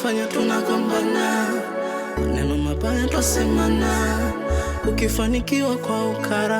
Fanya tunagombana, maneno mabaya twasemana, ukifanikiwa kwa ukara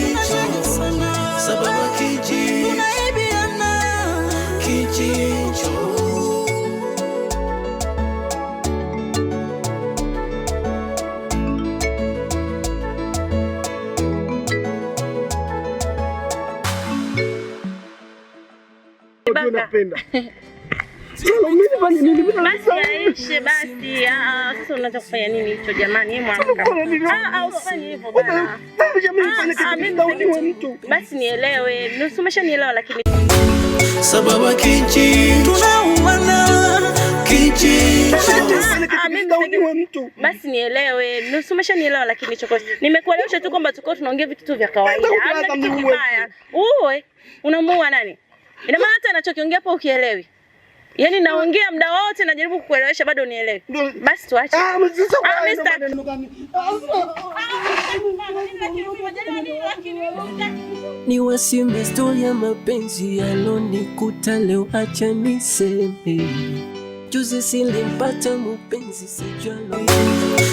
sababu kijicho napenda hapa ni nini? Basi basi, ah, sasa unaanza kufanya nini hicho jamani? Eh, ah, usifanye hivyo bwana. Ah, ah, basi nielewe, umeshanielewa lakini sababu kinchi tunauana ah, mtu basi nielewe, umeshanielewa lakini chokozi, nimekuelewesha tu kwamba tuko tunaongea vitu vya kawaida, hamna kitu kibaya. Uwe unamuua nani? Ina maana hata anachokiongea hapo ukielewi Yaani naongea muda wote najaribu kukuelewesha bado unielewe. Basi tuache. Ah, ah kwa nini? Ah, ni wasimbe historia ya mapenzi yalonikuta leo, acha niseme. Juzi silimpata mpenzi sijalo.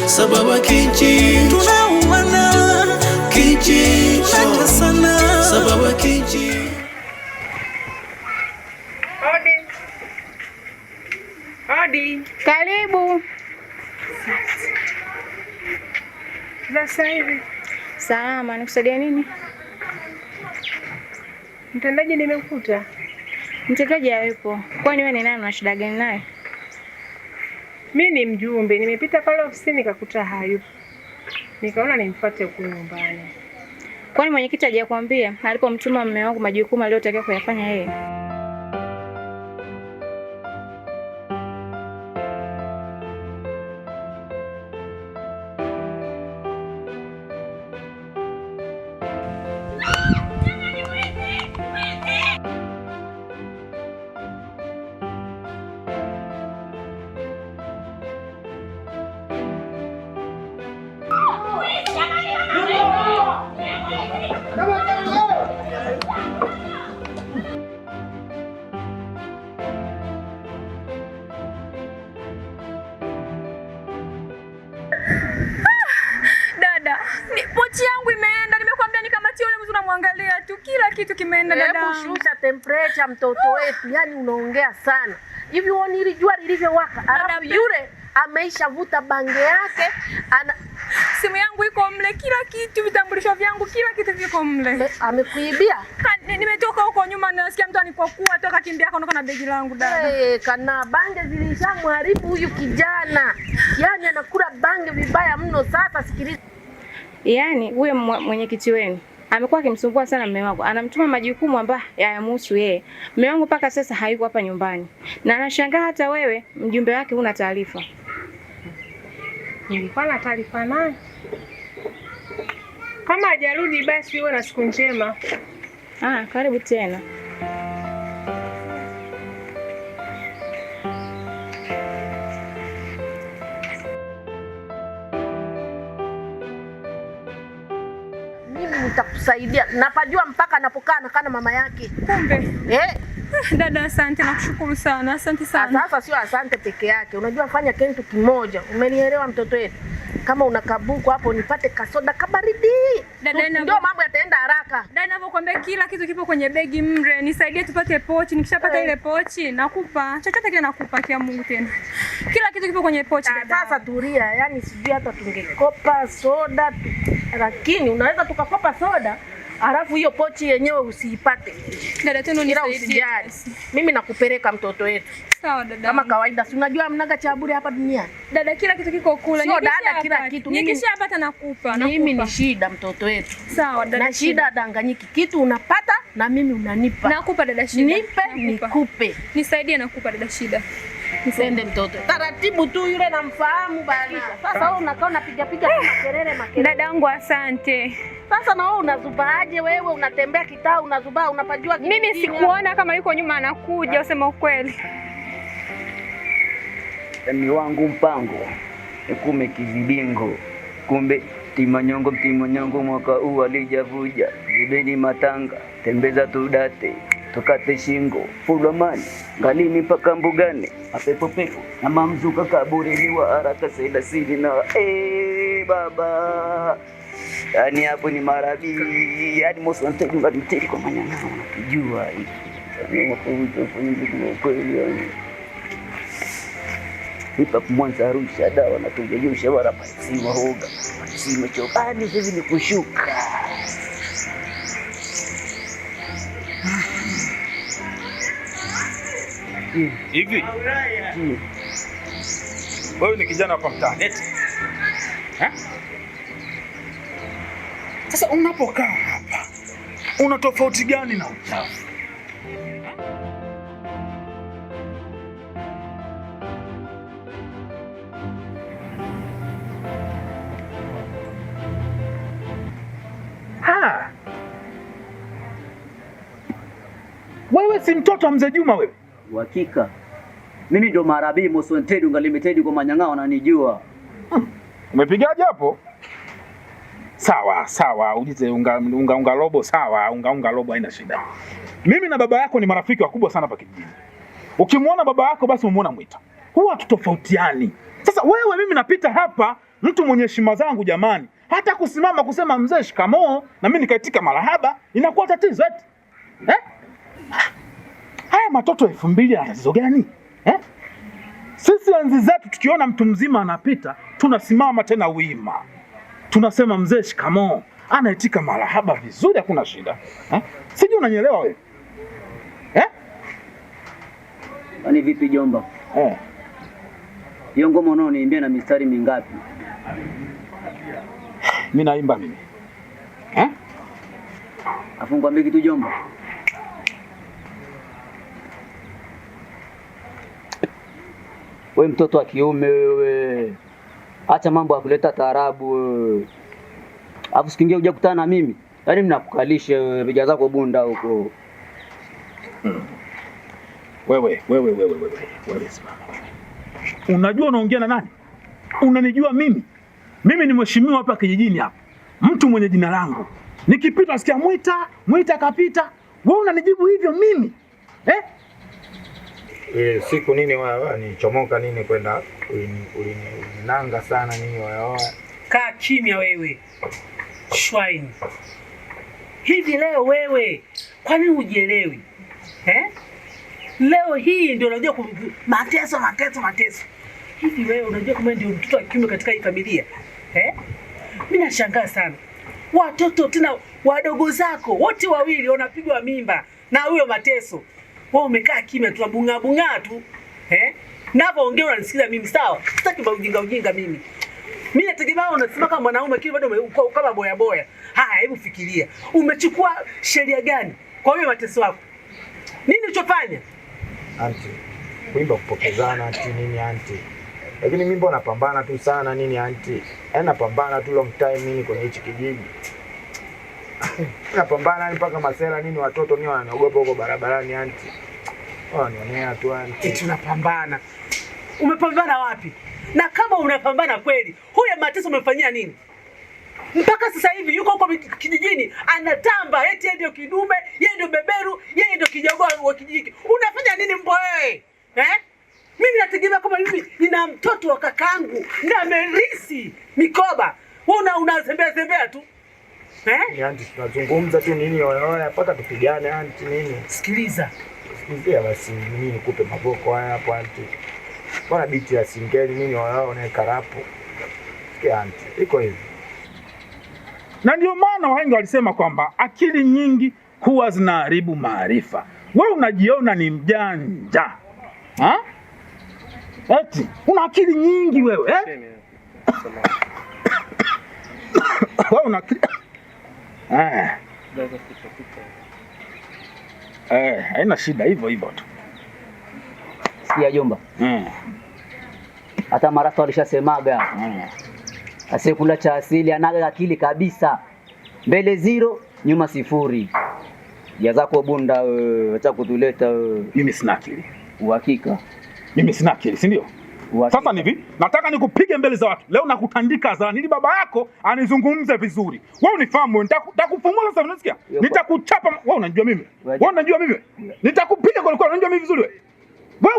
Sababu kiji tunauana kiji sana. Sababu kiji Hodi, karibu. Sasa hivi salama, nikusaidia nini? Mtendaji nimekuta. Mtendaji hayupo. Kwani wewe ni nani na shida gani naye? Mimi ni mjumbe, nimepita pale ofisini nikakuta hayupo, nikaona nimfuate huku nyumbani. Kwani mwenyekiti hajakwambia alipomtuma mume wangu majukumu aliyotakiwa kuyafanya yeye? cha mtoto wetu, yani unaongea sana hivi. Uoni ili jua lilivyowaka, alafu yule ameisha vuta bange yake ana simu yangu iko mle, kila kitu, vitambulisho vyangu, kila kitu viko mle. Amekuibia? Nimetoka huko nyuma, nasikia mtu anipokuwa toka kimbia kaondoka na begi langu dada. Hey, eh, kana bange zilishamharibu huyu kijana, yaani anakula bange vibaya mno. Sasa sikiliza, yaani huyo mwenyekiti wenu amekuwa akimsumbua sana mume wangu, anamtuma majukumu ambayo hayamhusu yeye. Mume wangu mpaka sasa hayuko hapa nyumbani, na anashangaa hata wewe mjumbe wake huna taarifa. Nilikuwa na taarifa naye. Kama hajarudi basi, uwe na siku njema. Ah, karibu tena. mimi nitakusaidia, napajua mpaka anapokaa nakaa na mama yake. Kumbe eh. Dada, asante nakushukuru sana, asante sana. Ah, sasa sio asante peke yake, unajua fanya kitu kimoja, umenielewa mtoto wetu? Kama una kabuku hapo nipate kasoda kabaridi, Dada, ndio mambo yataenda haraka. Dada, navyokwambia kila kitu kipo kwenye begi. Mre, nisaidie tupate pochi, nikishapata eh. ile pochi nakupa chochote kile, nakupa kia Mungu tena, kila kitu kipo kwenye pochi. Ah, sasa tulia, Yaani sijui hata tungekopa soda tu lakini unaweza tukakopa soda alafu hiyo pochi yenyewe usiipate. Dada tena Tunu, nisaidie. Mimi nakupeleka mtoto wetu. Sawa dada. Kama kawaida, si unajua mnaga cha bure hapa duniani. Dada, kila kitu kiko kule. Sio dada, kila kitu. Nikishapata nakupa. Mimi ni shida mtoto wetu. Sawa dada. Na shida danganyiki, kitu unapata na mimi unanipa. Nakupa dada shida. Nipe nikupe. Nisaidie, nakupa dada shida. Sende mtoto taratibu tu, yule namfahamu bana. Sasa wewe unakaa unapiga piga kama makelele makelele. Dadangu, asante. Sasa na wewe unazubaaje? Wewe unatembea kitaa, unazubaa, unapajua. Mimi sikuona kama yuko nyuma anakuja, useme ukweli. Ni wangu mpango kume kizibingo, kumbe timanyongo timanyongo, mwaka huu alijavuja zibeni matanga, tembeza tudate tukate shingo fulamani ngalini mpaka mbugani mapepopepo na mamzuka kaburiliwa haraka sailasili na hey, eh, baba yani hapo ni marabi yani mosi mosntajungalimteli kwa manyana unatujua kweli yani hipa Mwanza, Arusha, dawa nakuja juu shawara pasima hoga pasima chopani, hivi ni kushuka hivi mm. Wewe ni kijana hapa mtaani eti sasa, unapokaa hapa una tofauti gani na uchafu? Wewe si mtoto wa mzee Juma wewe? Uhakika mimi ndo marabi Mosonted Limited kwa manyang'ao wananijua. Hmm. Umepigaje hapo? Sawa sawa, ujize unga, unga, unga robo sawa, unga, unga robo haina shida. Mimi na baba yako ni marafiki wakubwa sana hapa kijijini. Ukimwona baba yako basi umuona Mwita, huwa tutofautiani. Sasa wewe, mimi napita hapa, mtu mwenye heshima zangu jamani, hata kusimama kusema mzee shikamoo na mimi nikaitika marahaba inakuwa tatizo eti eh? haya matoto elfu mbili na tatizo gani eh? Sisi enzi zetu tukiona mtu mzima anapita tunasimama tena wima, tunasema mzee shikamoo, anaitika marahaba vizuri, hakuna shida eh? Sijui unanyelewa wewe eh? Ni yaani vipi jomba eh? ngoma unaoniimbia na mistari mingapi? Mi naimba mimi eh? Afu mbiki tu jomba we mtoto wa kiume wewe, acha mambo ya kuleta taarabu wewe, alafu siku ingine uja kutana na mimi, yaani mnakukalisha wewe, vija zako bunda huko hmm. Wewe wewe wewe wewe wewe, simama. Unajua unaongea na nani? Unanijua mimi? Mimi ni mheshimiwa hapa kijijini hapa, mtu mwenye jina langu, nikipita sikia mwita mwita, akapita wewe unanijibu hivyo mimi eh? ile siku nini wewe nichomoka nini kwenda ulinanga sana nini wewe. Kaa kimya wewe shwaini. Hivi leo wewe kwa nini ujielewi eh? Leo hii ndio unajua mateso mateso mateso. Hivi wewe unajua kama ndio mtoto wa kiume katika hii familia eh? Mimi nashangaa sana watoto tena wadogo zako wote wawili wanapigwa mimba na huyo mateso wewe umekaa kimya tu bunga bunga tu eh, ongea unanisikiza mimi sawa, sitaki ujinga ujinga mimi mimi nategemea unasema kama mwanaume kile bado kama boya boya. Haya, hebu fikiria, umechukua sheria gani kwa hiyo mateso yako? Nini ulichofanya? Anti, kuimba kupokezana anti nini anti? Lakini mimi mbona napambana tu sana nini anti? Yaani napambana tu long time mimi kwenye hichi kijiji. napambana mpaka masela nini, watoto ni wananiogopa huko barabarani, anti wanionea tu anti. Eti unapambana? Umepambana wapi? Na kama unapambana kweli, huyo Mateso umefanyia nini? Mpaka sasa hivi yuko huko kijijini anatamba, eti yeye ndio kidume, yeye ndio beberu, yeye ndio kijogoa wa kijiji. Unafanya nini mbo wewe eh? Mimi nategemea kama mimi nina mtoto wa kakangu na amerisi mikoba, wewe una unazembea zembea tu. Eh? Yaani tunazungumza tu nini wewe mpaka tupigane anti nini? Sikiliza. Sikiliza basi mimi nikupe maboko haya hapo anti. Bora biti ya singeli nini wewe na karapu. Sikia anti. Iko hivi. Na ndio maana wengi walisema kwamba akili nyingi huwa zinaharibu maarifa. Wewe unajiona ni mjanja. Ha? Eti una akili nyingi wewe eh? Wewe una akili Ah. Eh, haina shida, hivyo hivyo tu. Sikia jomba, hmm. hata marasta walishasemaga hmm. asiekula cha asili anaga akili kabisa, mbele zero, nyuma sifuri. Jazako bunda, wacha kutuleta. Mimi sina akili, uhakika mimi sina akili, si ndio? Sasa nivi nataka nikupige mbele za watu leo, nakutandika hadharani ili baba yako anizungumze vizuri. Wewe unifahamu, nitakufungua sasa, unasikia? Nitakuchapa wewe, unajua mimi wewe, unajua mimi nitakupiga kwa kweli, unajua mimi vizuri wewe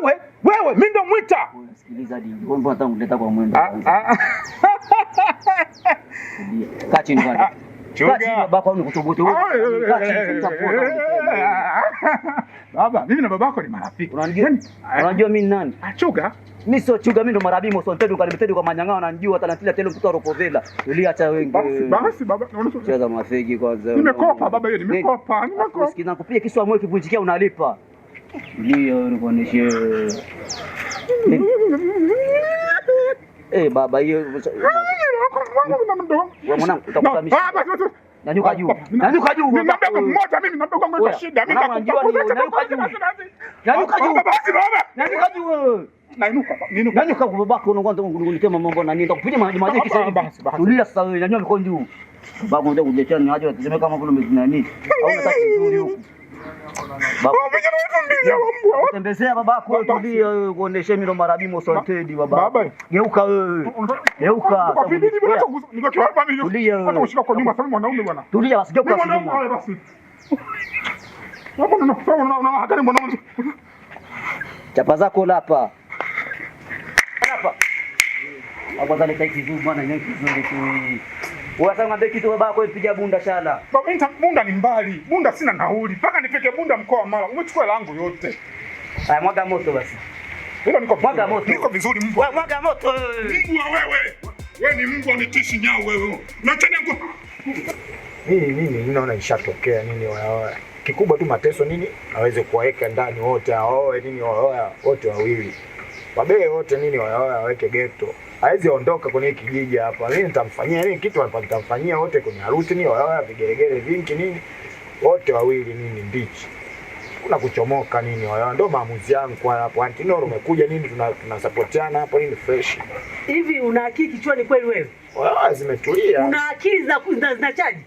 wewe wewe, mimi ndo mwita Baba, mimi na babako ni marafiki. Yaani, eh, unajua mimi ni nani? Achuga. Ah, mimi sio chuga, mimi ndo marabimo sio mtedu kalimtedu kwa manyang'ao ananijua hata natila tele mtoto rokovela. Uliacha wengi. Basi basi baba, unaona cheza mafiki kwanza. Nimekopa baba yeye, nimekopa. Nimekopa. Sikina kupiga kisu amwe kivunjikia unalipa. Ndio unikoneshe. Eh, baba hiyo ah, mwanangu utakutamisha. Baba Nanyuka juu. Nanyuka juu. Nimebeba mmoja mimi na mdogo wangu kwa shida. Mimi nakukuza tena kwa juu. Nanyuka juu. Nanyuka juu. Nainuka. Ninuka. Nanyuka kwa babako unaongea ndio unikutie mambo mbona nini? Ndakupiga maji maji kisa hivi. Tulia sasa wewe. Nanyuka juu. Babu unataka kujetea ni aje tuseme kama kuna nini? Au unataka kizuri huko. Tembezea babako tulia wewe, kuonesha eh, mimi ndo marabimo baba. Geuka wewe. Eh, geuka. Tulia basi geuka Chapa zako lapa. Lapa. Wasamwambie kitu baba kwa ipiga Bunda shala. Baba nita Bunda ni mbali. Bunda sina nauli. Paka nifike Bunda mkoa Mara. Umechukua langu yote. Haya mwaga moto basi. Niko niko mwaga moto. Niko vizuri Mungu. Mwaga moto. Mungu wewe. Wewe ni Mungu ametishi nyao wewe. Na Unachana nguo. Mimi mimi ninaona ishatokea nini waoa. Kikubwa tu mateso nini aweze kuwaweka ndani wote aoe nini waoa wote wawili. Wabee wote nini waoa waweke ghetto hawezi ondoka kwenye kijiji hapa. Mimi nitamfanyia nini kitu hapa, nitamfanyia wote kwenye harusi ni wao vigelegele vingi nini, wote wawili nini mbichi kuna kuchomoka nini, wao ndio maamuzi yangu kwa hapo. Antinoro umekuja nini, tunasapotiana hapo nini, fresh hivi. Una akili kichwani kweli wewe? Wao zimetulia, una akili za zinachaji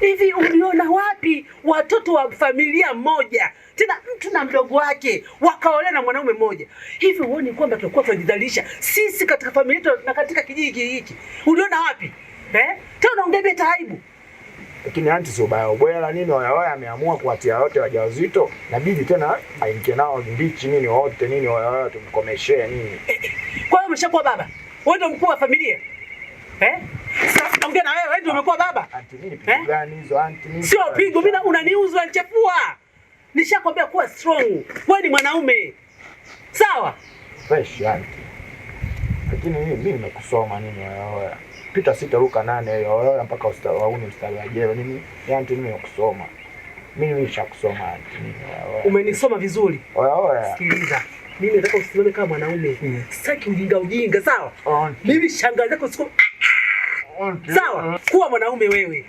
Hivi uliona wapi watoto wa familia moja tena mtu na mdogo wake wakaolea na mwanaume mmoja? Hivi uoni kwamba tulikuwa tunajidhalisha sisi katika familia yetu na katika kijiji hiki? Uliona wapi eh? Tena unaongea bila Lakini anti sio baya la nini, oyaoya ameamua kuwatia wote wajawazito, nabidi tena aingie nao mbichi nini wote nini, oyaoya tumkomeshee nini. Eh, eh. Kwa hiyo umeshakuwa baba wewe, ndio mkuu wa familia. Eh? Sitaongea na wewe, wewe umekuwa baba. Anti nini eh? pigo gani hizo anti nini? Sio pigo, mimi unaniuza unachafua. Nishakwambia kuwa strong. Wewe ni mwanaume. Sawa? Fresh anti. Lakini mimi nimekusoma nini wewe? Pita sita ruka nane wewe mpaka usiwauni mstari wa jela nini? Anti mimi nimekusoma. Mimi nimeshakusoma anti nini wewe? Umenisoma vizuri. Wewe. Sikiliza. Mimi nataka usimame kama mwanaume. Hmm. Sitaki ujinga ujinga, sawa? Mimi shangazi yako siku Sawa, kuwa mwanaume wewe.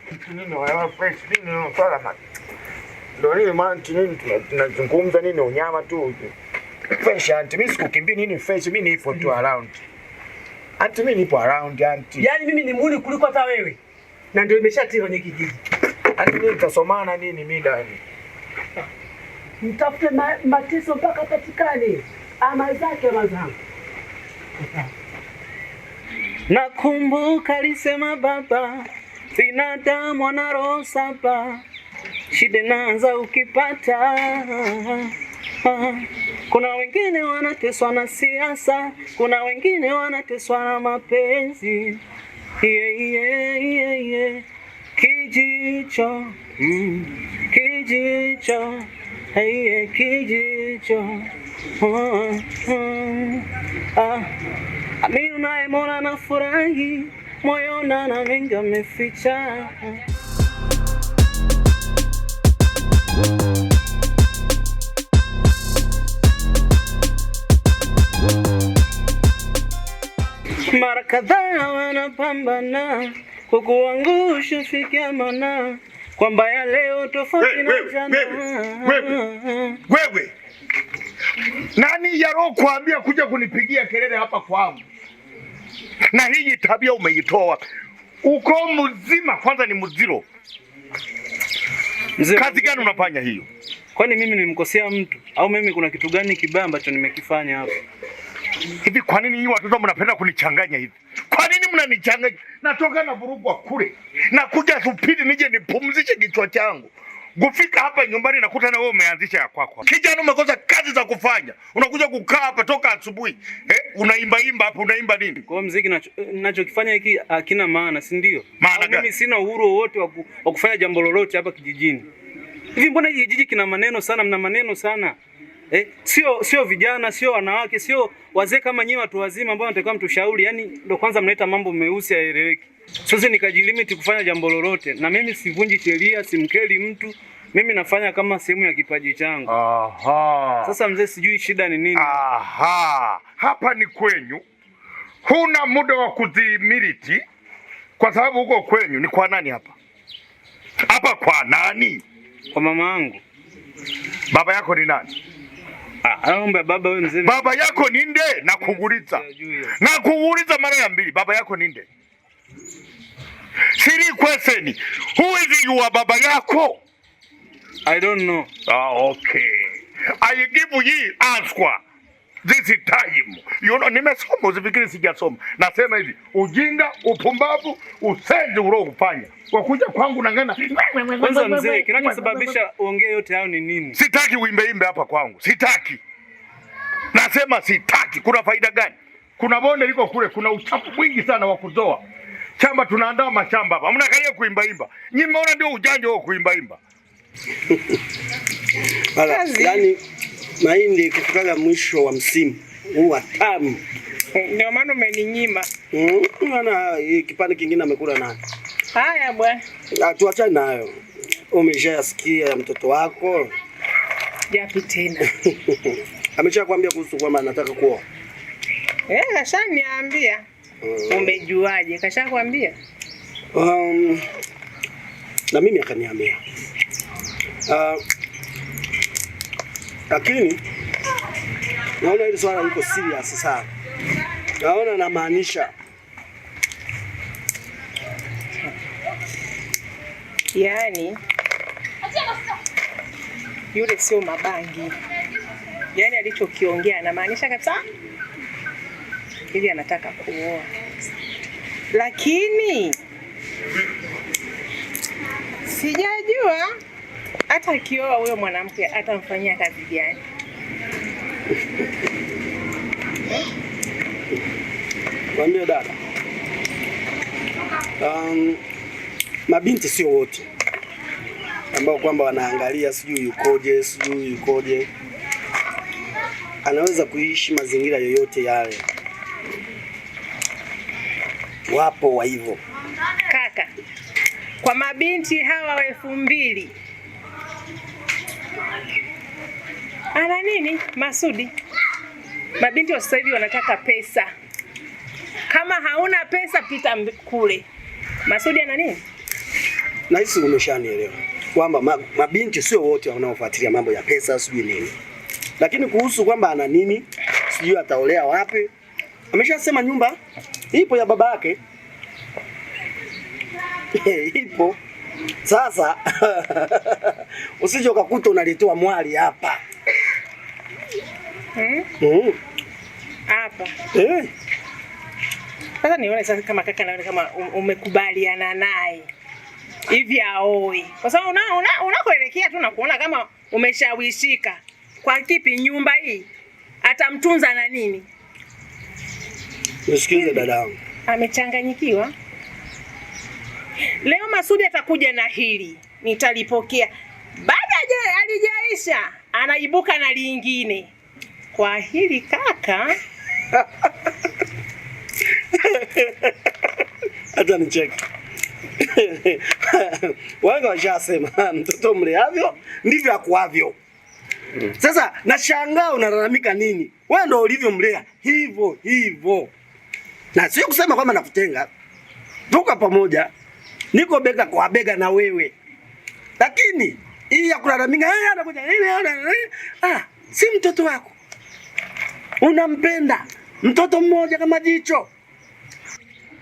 Ndio nini maana nini tunazungumza nini unyama tu. Fresh auntie, mimi sikukimbii nini fresh, mimi nipo tu around. Auntie, mimi nipo around auntie. Yaani mimi ni mhuni kuliko hata wewe. Na ndio imeshatira kwenye kijiji. Auntie, mimi nitasomana nini mimi ndani? Mtafute mateso mpaka patikane. Ama zake ama zangu. Nakumbuka alisema baba, binadamu damu na roho saba, shida inaanza ukipata. Kuna wengine wanateswa na siasa, kuna wengine wanateswa na mapenzi. yeah, yeah, yeah, yeah. Kijicho mm. Kijicho hey, yeah, kijicho oh, oh. Ah mona na furahi moyoni na mengi ameficha. Mara kadhaa wanapambana kukuangusha, fikia mana kwamba ya leo tofauti na jana. Wewe nani yaro kuambia kuja kunipigia kelele hapa kwangu? na hii tabia umeitoa uko mzima, kwanza ni mziro. Mzee, kazi gani unafanya hiyo? Kwani mimi nimemkosea mtu au mimi kuna kitu gani kibaya ambacho nimekifanya hapo? Hivi kwa nini nyinyi watoto mnapenda kunichanganya hivi? Kwa nini mnanichanganya? Natoka na vurugwa kule. Nakuja supiri nije nipumzishe kichwa changu. Kufika hapa nyumbani nakuta na wewe umeanzisha ya kwako. Kijana umekosa kazi za kufanya. Unakuja kukaa hapa toka asubuhi. Eh, unaimba imba hapa unaimba nini? Kwa muziki eh, ninachokifanya hiki hakina maana, si ndio? Mimi sina uhuru wowote wa kufanya jambo lolote hapa kijijini. Hivi mbona kijiji kina maneno sana, mna maneno sana. Eh, sio sio vijana, sio wanawake, sio wazee kama nyinyi watu wazima ambao natakiwa mtushauri. Yani ndo kwanza mnaleta mambo meusi yaeleweki. Sasa nikajilimiti kufanya jambo lolote, na mimi sivunji sheria, simkeli mtu. Mimi nafanya kama sehemu ya kipaji changu. Aha. Sasa mzee, sijui shida ni nini? Aha. Hapa ni kwenyu, huna muda wa kudhimiliti kwa sababu huko kwenyu. Ni kwa nani hapa? Hapa kwa nani? Kwa mama yangu. Baba yako ni nani? Ah, baba yako ni nde? Na nakuuliza mara ya mbili, baba yako ni nde? Siri kweseni, who is your baba yako? I don't know. Ah, okay. I give you answer this time. You know, nimesoma usifikiri sijasoma. Nasema hivi, ujinga, upumbavu, usenzi uliofanya wakuja kwangu nangana. Kwanza mzee, kinachosababisha uongee yote hayo ni nini? Sitaki uimbe imbe hapa kwangu, sitaki. Nasema sitaki. Kuna faida gani? Kuna bonde liko kule, kuna uchafu mwingi sana wa kuzoa shamba. Tunaandaa mashamba hapa, mnakalia imba. Nyinyi mmeona ndio ujanja huo kuimbaimba. Yaani mahindi kufikaga mwisho wa msimu wa tamu. Ndio maana umeninyima. Mm, maana kipande kingine amekula nayo. Haya bwana. Tuachane nayo. umeshasikia ya mtoto wako? Japi tena. Ameshakwambia kuhusu kwamba anataka kuoa. Eh, kashaniambia. Mm. Umejuaje? Kashakwambia? Um, na mimi akaniambia. Uh, lakini naona hili swala liko serious sana, naona namaanisha yani yule sio mabangi, yaani alichokiongea anamaanisha kabisa, hivi, anataka kuoa, lakini sijajua hata akioa huyo mwanamke atamfanyia kazi gani? Kwambia dada, um, mabinti sio wote ambao kwamba wanaangalia sijui yukoje sijui yukoje. Anaweza kuishi mazingira yoyote yale, wapo wa hivyo kaka. Kwa mabinti hawa elfu mbili Ana nini Masudi? Mabinti wa sasa hivi wanataka pesa. Kama hauna pesa pita kule. Masudi ana nini? Nahisi umeshanielewa kwamba mabinti sio wote wanaofuatilia mambo ya pesa sijui nini, lakini kuhusu kwamba ana nini, sijui ataolea wapi, ameshasema nyumba ipo ya baba yake eh, ipo sasa. Usije ukakuta unalitoa mwali hapa. Eh? Oh. hapa eh? sasa nione sasa kama kaka naona kama um-, umekubaliana naye hivi aoe, kwa sababu unakoelekea tu nakuona kama umeshawishika. Kwa kipi? nyumba hii atamtunza na nini? Usikize dadangu, amechanganyikiwa leo. Masudi atakuja na hili nitalipokea, baada alijaisha, anaibuka na lingine kwa hili kaka hata nicheki wanga washasema mtoto mleavyo ndivyo akuavyo. Mm. Sasa nashangaa unalalamika nini? Wewe ndio ulivyomlea hivyo hivyo, na sio kusema kwamba nakutenga. Tuko pamoja, niko bega kwa bega na wewe, lakini hii ya kulalamika, eh, eh, eh, ah, si mtoto wako unampenda mtoto mmoja kama jicho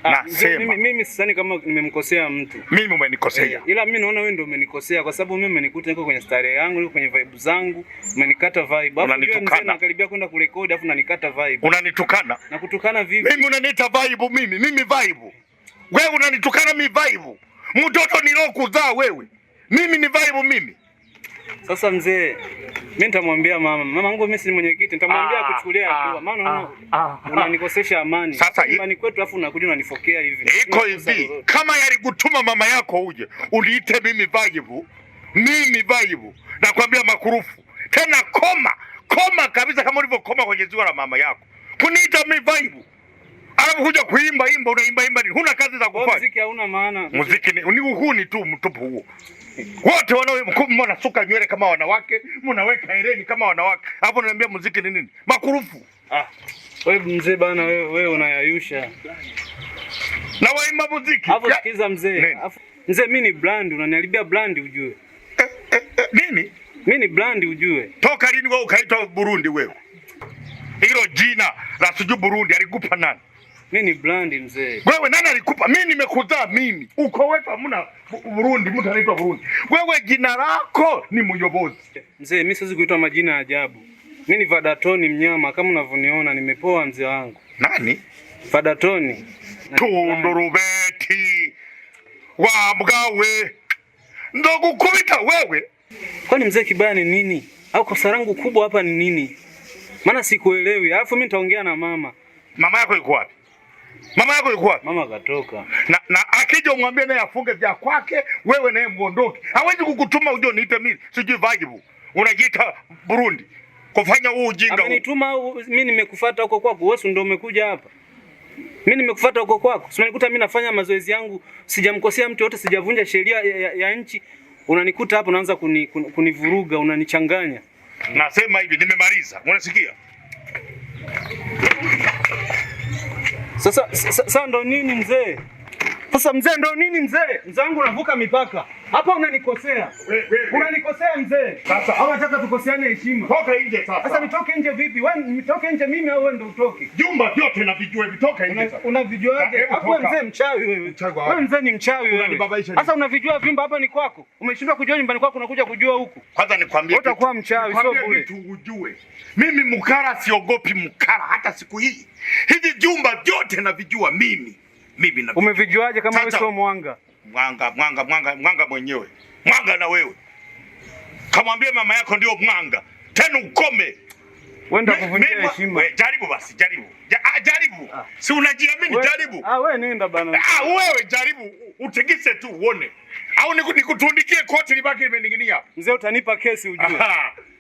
ah, mimi, mimi sidhani kama nimemkosea mtu. Mimi umenikosea. Eh, ila mimi naona wewe ndio umenikosea kwa sababu mimi umenikuta niko kwenye starehe yangu, niko kwenye vibe zangu, umenikata vibe. unanitukana. Nakaribia kwenda kurekodi afu unanikata vibe. Unanitukana. Na kutukana vipi? Mimi unaniita vibe mimi, mimi vibe. Wewe unanitukana mimi vibe. Mtoto nilokuzaa wewe. Mimi ni vibe mimi. Sasa mzee, mimi nitamwambia mama, mama yangu mimi si mwenyekiti, nitamwambia akuchukulia ah, ah, hatua, maana ah, unanikosesha amani. Sasa imani kwetu, alafu unakuja unanifokea hivi. Iko hivi, kama yalikutuma mama yako uje uliite mimi vajibu, mimi vajibu, nakwambia makurufu tena, koma koma kabisa, kama ulivyokoma kwenye ziwa la mama yako kuniita mimi vajibu Alafu kuja kuimba imba unaimba imba, huna kazi za kufanya. Muziki hauna maana. Muziki ni huu tu mtupu huo wote mnasuka nywele kama wanawake, mnaweka hereni kama wanawake, hapo naambia muziki ni nini? Makurufu. Ah, wewe mzee bana, wewe wewe unayayusha na waimba muziki. Hapo sikiza mzee. Mzee mimi ni brand, unaniharibia brand ujue. Eh, eh, eh, mimi mimi ni brand ujue. Toka lini wewe ukaitwa Burundi wewe? Hilo jina la sijui Burundi alikupa nani? Nini brand mzee? Wewe nani alikupa? Mimi nimekuzaa mimi. Uko wetu hamna Burundi, mtu anaitwa Burundi. Wewe jina lako ni Mnyobozi. Mzee, mimi siwezi kuitwa majina ya ajabu. Mimi ni Vadatoni mnyama kama unavyoniona nimepoa mzee wangu. Nani? Vadatoni. Tondorobeti. Wa mgawe. Ndogo kuita wewe. Kwani mzee kibaya ni nini? Au kosa langu kubwa hapa ni nini? Maana sikuelewi. Alafu mimi nitaongea na mama. Mama yako yuko wapi? Mama yako yuko wapi? Mama katoka. Na, na akija umwambie naye afunge vya kwake, wewe naye muondoke. Hawezi kukutuma uje niite mimi, sijui vibe. Unajiita Burundi. Kufanya huu ujinga. Amenituma mimi nimekufuata huko kwako, wewe ndio umekuja hapa. Mimi nimekufuata huko kwako. Sio nikuta mimi nafanya mazoezi yangu, sijamkosea mtu yote, sijavunja sheria ya, ya, ya nchi. Unanikuta hapo unaanza kuni, kun, kunivuruga, unanichanganya. Nasema hivi, nimemaliza. Unasikia? Sasa sasa ndo nini mzee? Sasa mzee, ndo nini mzee? Mzee wangu unavuka mipaka hapa, unanikosea, unanikosea mzee. Sasa au nataka tukoseane heshima? Toka nje sasa. Sasa nitoke nje vipi? Wewe nitoke nje mimi au wewe ndo utoke? Jumba vyote na vijue vitoka nje sasa. Unavijuaje? Hapo mzee mchawi wewe. Mchawi Wewe mzee ni mchawi wewe. Unanibabaisha. Sasa unavijua vimba hapa ni kwako. Umeshindwa kujua nyumbani kwako unakuja kujua huku. Kwanza nikwambie kitu. Utakuwa mchawi sio bure. Kitu ujue. Mimi mkara siogopi mkara hata siku hii. Hivi jumba vyote na vijua mimi mimi na umevijuaje kama wewe sio mwanga? Mwanga, mwanga, mwanga, mwanga mwenyewe. Mwanga na wewe. Kamwambie mama yako ndio mwanga. Tena ukome. Wenda kuvunjia heshima. Wewe jaribu basi, jaribu. Ja, ah, jaribu. Ah. Si unajiamini, jaribu. Ah, wewe nenda bana. Ah, wewe jaribu, utikise tu uone. Au nikutundikie koti libaki limening'inia. Mzee utanipa kesi ujue.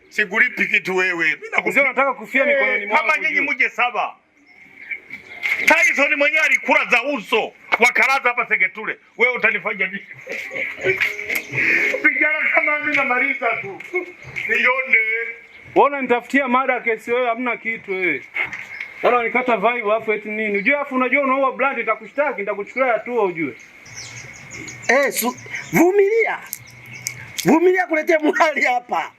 Sikulipi kitu wewe. Mimi nakufia. Mzee unataka kufia mikononi eh, mwangu. Kama nyinyi mje saba. Tyson mwenyewe alikula za uso wa Kalaza hapa Segetule. Wewe utanifanya nini? Vijana kama mimi na namaliza tu. Nione. Wewe nitafutia mada kesi wewe hamna kitu wewe. Wala nikata vibe hapo eti nini? Unajua afu unajua unaua brand itakushtaki, nitakuchukulia hatua ujue. Eh, su, vumilia. Vumilia kuletea mwali hapa.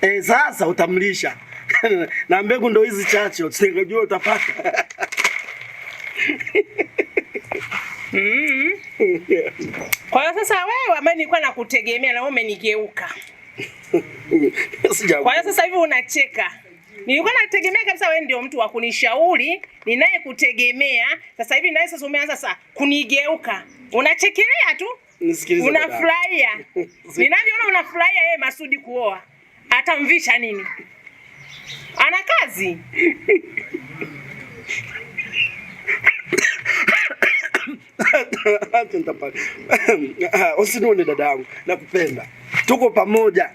Eh, sasa utamlisha. Na mbegu ndo hizi chache, usingejua utapata. mm. Kwa hiyo sasa wewe ambaye nilikuwa nakutegemea na wewe umenigeuka. Kwa hiyo sasa hivi unacheka. Nilikuwa nategemea kabisa wewe ndio mtu wa kunishauri, kutegemea Sasa hivi naye sasa umeanza sasa kunigeuka. Unachekelea tu. Unafurahia. Ninavyoona unafurahia yeye Masudi kuoa. Atamvisha nini? Ana kazi. Usinone dada yangu, nakupenda, tuko pamoja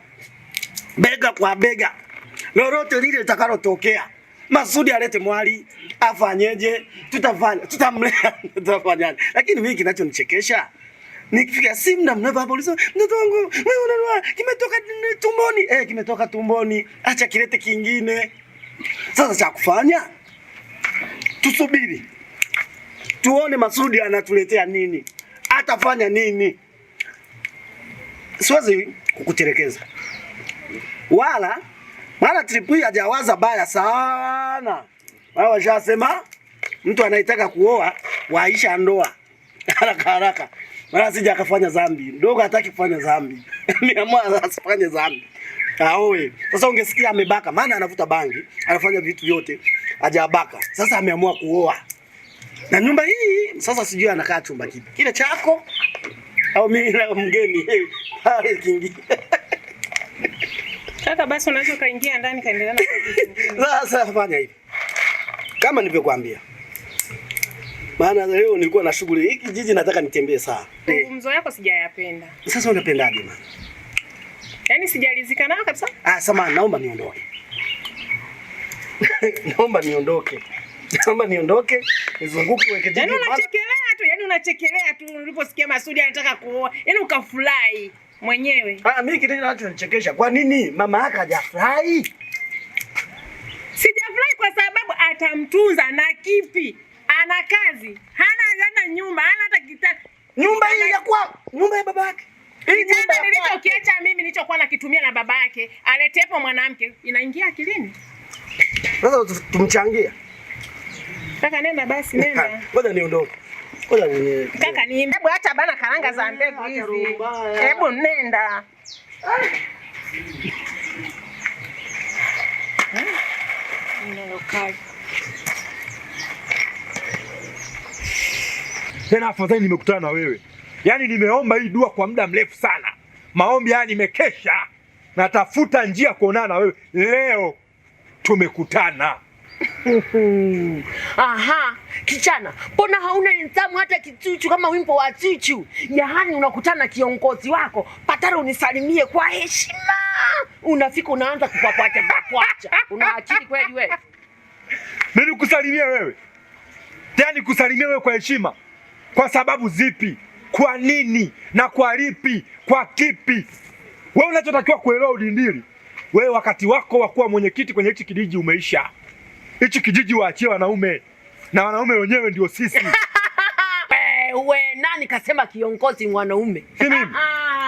bega kwa bega, lolote lile litakalotokea. Masudi alete mwali afanyeje, tutafanya tutamlea, tutafanya. Lakini mimi kinachonichekesha nikifika simu na mnava hapo, ulisema mtoto wangu wewe unanua kimetoka tumboni. Eh, kimetoka tumboni, acha kilete kingine. Sasa cha kufanya tusubiri tuone Masudi anatuletea nini, atafanya nini. Siwezi kukuterekeza wala maana trip hii hajawaza baya sana. Wao washasema mtu anayetaka kuoa waisha ndoa haraka haraka, maana sija akafanya dhambi ndogo, hataki kufanya dhambi niamua asifanye dhambi aoe. Sasa ungesikia amebaka, maana anavuta bangi, anafanya vitu vyote, hajabaka. Sasa ameamua kuoa na nyumba hii sasa, sijui anakaa chumba kipi kile chako au mimi na mgeni eh, pale kingi Kaka, basi unaweza kaingia ndani kaendelea na kazi nyingine. Sasa fanya hivi kama nilivyokuambia, maana leo nilikuwa na shughuli hiki jiji, nataka nitembee saa. Mzo yako sijayapenda. Sasa unapendaje bwana? Yaani sijalizika nao kabisa. Ah, samahani, naomba niondoke. Naomba niondoke kama niondoke nizunguke weke tena. Yani unachekelea tu, yani unachekelea tu uliposikia Masudi anataka kuoa, yani ukafurahi mwenyewe. Ah, mimi kitu kinachonichekesha kwa nini mama yake hajafurahi? Sijafurahi kwa sababu atamtunza na kipi? Ana kazi hana, hana nyumba hana hata kitanda. Nyumba hii ya kwa nyumba ya babake kitanda nilichokiacha mimi nilichokuwa nakitumia na babake aletepo mwanamke, inaingia akilini? Sasa tumchangia Kaka nenda basi nenda. Ngoja niondoke. Ngoja ni. Kaka ni hebu acha bana karanga za mbegu hizi. Hebu nenda. Tena afadhali nimekutana na wewe. Yaani nimeomba hii dua kwa muda mrefu sana. Maombi haya nimekesha. Natafuta njia kuonana na wewe. Leo tumekutana. Aha, kichana, mbona hauna nidhamu hata kichuchu kama wimbo wa chuchu? Yaani unakutana na kiongozi wako patara, unisalimie kwa heshima, unafika unaanza kupapwacha papwacha. Una akili kweli wewe? Mimi kusalimia wewe yaani kusalimia wewe kwa heshima kwa sababu zipi? Kwa nini na kwa lipi? Kwa kipi? Wewe unachotakiwa kuelewa udindili wewe wakati wako wa kuwa mwenyekiti kwenye hichi kijiji umeisha hichi kijiji waachie wanaume na wanaume wenyewe ndio sisi. Wewe eh, nani kasema kiongozi mwanaume?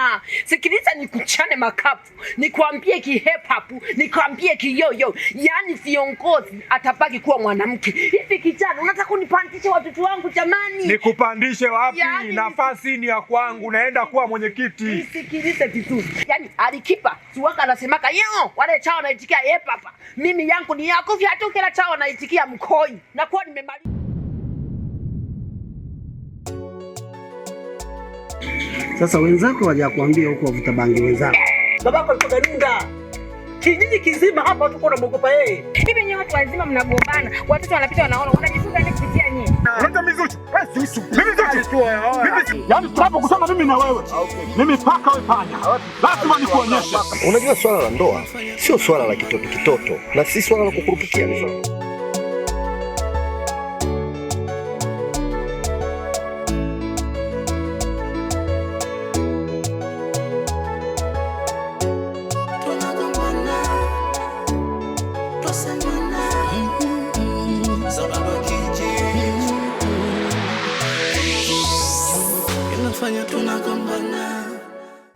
Ah, sikiliza, nikuchane makapu, nikwambie kihepapu, nikwambie kiyoyo, yaani viongozi atabaki kuwa mwanamke. Hivi kijana, unataka kunipandisha watoto wangu? Jamani, nikupandishe wapi? Yaani, nafasi ni ya kwangu, naenda kuwa mwenyekiti. Nisikilize vizuri, yaani alikipa tuwaka anasemaka yo wale chao naitikia yepapa, mimi yangu ni yako vyatu, kila chao naitikia mkoi, nakuwa nimemaliza. Sasa wenzako kuambia huko, wavuta bangi wenzako, babako alipiga dunda kijiji kizima hapa, tuko namwogopa yeye. Hivi nyewe watu wazima mnagombana, watoto wanapita wanaona, unajifunza nini kupitia nyinyi? Yaani tunapokusema yaani mimi na wewe, mimi paka wewe panya, lazima nikuonyeshe. Unajua swala la ndoa sio swala la kitoto kitoto, na si swala la kukurupukia.